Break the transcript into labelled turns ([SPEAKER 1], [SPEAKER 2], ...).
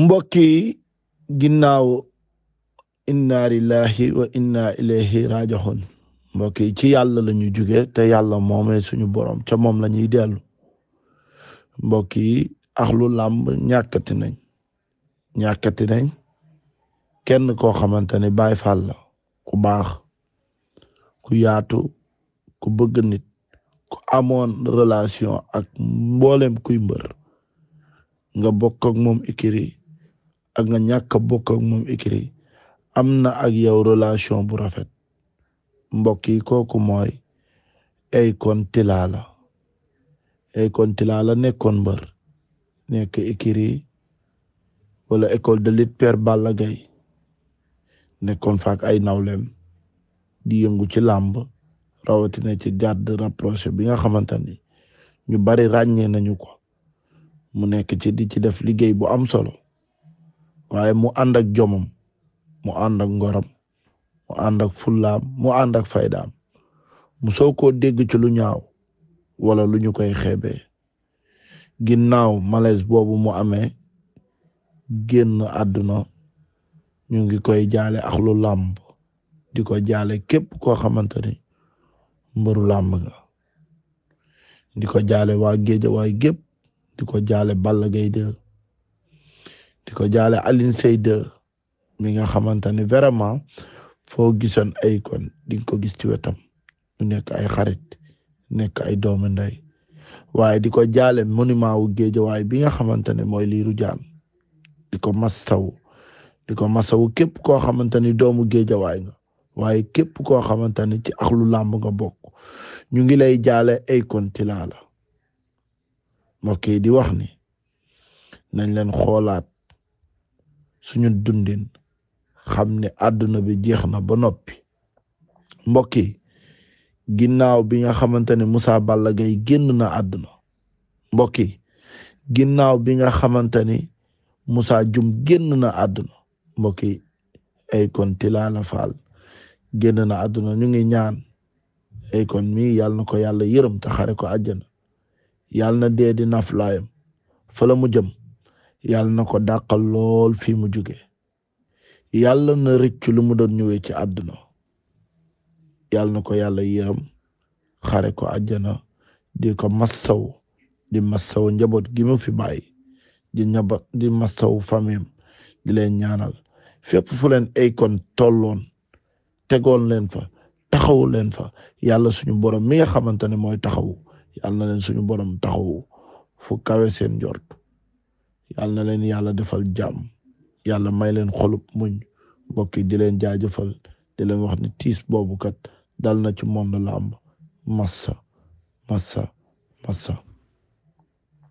[SPEAKER 1] mbokk yi ginnaaw inna lillahi wa inna ilayhi rajoxoon mbokk yi ci yàlla lañu ñu jóge te yàlla moomee suñu borom ca moom la ñuy dellu mbokk yi axlu làmb ñàkkati nañ kenn koo xamante ne Baay ku baax ku yaatu ku bëgg nit ku amoon relation ak mboolem kuy mbër nga bokk ak moom ikiri ak nga ñàkk a bokk ak moom écrit am na ak yow relation bu rafet mbokk yi kooku mooy Akon Tilala Akon Tilala nekkoon mbër nekk écrit wala école de lutte Père Balla Gaye nekkoon faak ay nawlem di yëngu ci làmb rawatina ci garde rapproché bi nga xamante ni ñu bari ràññee nañu ko mu nekk ci di ci def liggéey bu am solo waaye mu ànd ak jomam mu ànd ak ngoram mu ànd ak fullaam mu ànd ak faydaam mu soo koo dégg ci lu ñaaw wala lu ñu koy xeebee ginnaaw malaise boobu mu amee génn àdduna ñu ngi koy jaale ak lu làmb di ko jaale képp koo xamante ni mbëru làmb ga di ko jaale waa géeja waay gépp di ko jaale Balla Gaye di ko jaale alin Seye 2 mi nga xamante ne vraiment foo gisoon ay kon di nga ko gis ci wetam mu nekk ay xarit nekk ay doomu ndey waaye di ko jaale monument wu Géejawaay bi nga xamante ne mooy Lirou Diane di ko masawu di ko masawu képp koo xamante ni doomu Géejawaay nga waaye képp koo xamante ne ci axlu làmb nga bokk ñu ngi lay jaale ay kon ci laa la mbokk yi di wax ni nañ leen xoolaat. suñu dundin xam ne àdduna bi jeex na ba noppi mbokk yi ginnaaw bi nga xamante ne Moussa Balla gay génn na àdduna mbokki yi ginnaaw bi nga xamante ni Moussa Dioum génn na àdduna mbokk yi ay kon Tilala Fall génn na àdduna ñu ngi ñaan ay kon mii yàlla na ko yàlla yërëm te xare ko àjjana yàlla na dee fala naflaayam jëm yàlla na ko dàqal lool fi mu jóge yàlla na rëcc lu mu doon ñëwee ci àdduna yàlla na ko yàlla yëram xare ko ajjana di ko massaw di massaw njaboot gi mu fi bàyyi di njaboot di massaw famem di leen ñaanal fépp fu leen aykoon tolloon tegoon leen fa taxawu leen fa yàlla suñu borom mi nga xamante ne mooy taxawu yàlla na leen suñu borom taxawu fu kawe seen njort yàlla na leen yàlla defal jàmm yàlla may leen xolub muñ mbokk yi di leen jaajëfal di leen wax ni tiis boobu kat dal na ci monde làmb masa massa massa